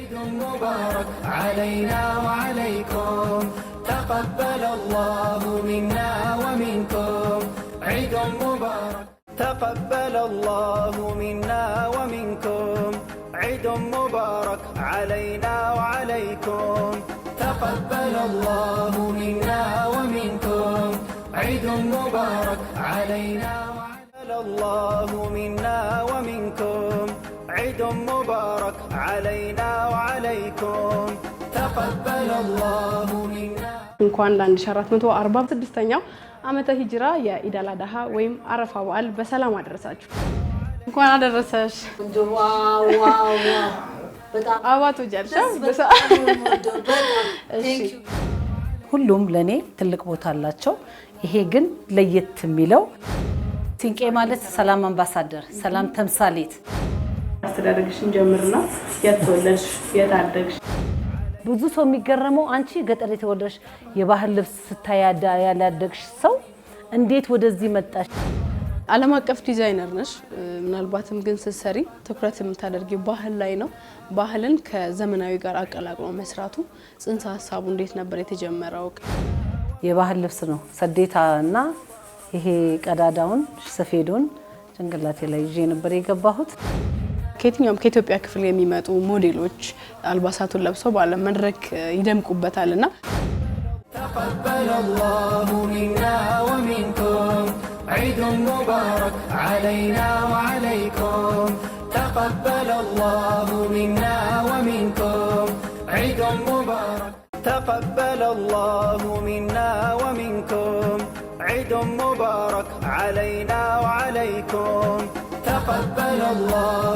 عيد مبارك علينا وعليكم تقبل الله منا ومنكم عيد مبارك تقبل الله منا ومنكم عيد مبارك علينا وعليكم تقبل الله منا ومنكم عيد مبارك علينا وعلى الله منا ومنكم عيد مبارك علينا እንኳን ለ1446ኛው ዓመተ ሂጅራ የኢዳላ ዳሃ ወይም አረፋ በዓል በሰላም አደረሳችሁ። እንኳን አደረሰሽ። ሁሉም ለእኔ ትልቅ ቦታ አላቸው። ይሄ ግን ለየት የሚለው ሲንቄ ማለት ሰላም አምባሳደር፣ ሰላም ተምሳሌት አስተዳደግሽን ጀምርና የተወለድሽ የታደግሽ ብዙ ሰው የሚገረመው አንቺ ገጠር የተወለድሽ የባህል ልብስ ስታይ ያላደግሽ ሰው እንዴት ወደዚህ መጣሽ? ዓለም አቀፍ ዲዛይነር ነሽ። ምናልባትም ግን ስትሰሪ ትኩረት የምታደርጊው ባህል ላይ ነው። ባህልን ከዘመናዊ ጋር አቀላቅሎ መስራቱ ጽንሰ ሀሳቡ እንዴት ነበር የተጀመረው? የባህል ልብስ ነው ሰዴታ እና ይሄ ቀዳዳውን ሰፌዱን ጭንቅላቴ ላይ ይዤ ነበር የገባሁት። ከየትኛውም ከኢትዮጵያ ክፍል የሚመጡ ሞዴሎች አልባሳቱን ለብሰው በዓለም መድረክ ይደምቁበታል እና ተቀበለ አላሁ ሚና ወሚንኩም عيد مبارك علينا وعليكم تقبل الله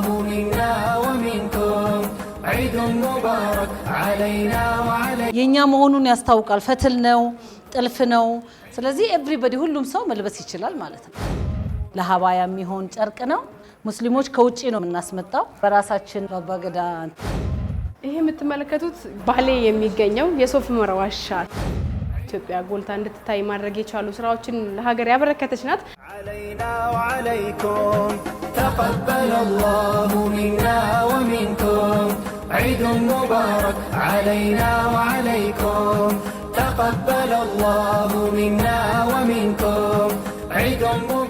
የእኛ መሆኑን ያስታውቃል። ፈትል ነው፣ ጥልፍ ነው። ስለዚህ ኤቭሪበዲ ሁሉም ሰው መልበስ ይችላል ማለት ነው። ለሀባያ የሚሆን ጨርቅ ነው። ሙስሊሞች ከውጭ ነው የምናስመጣው በራሳችን በአባገዳ። ይሄ የምትመለከቱት ባሌ የሚገኘው የሶፍ ዑመር ዋሻ ኢትዮጵያ ጎልታ እንድትታይ ማድረግ የቻሉ ስራዎችን ለሀገር ያበረከተች ናት። ተቀበለ አላሁ ሚና ወሚንኩም عيد مبارك علينا وعليكم تقبل الله منا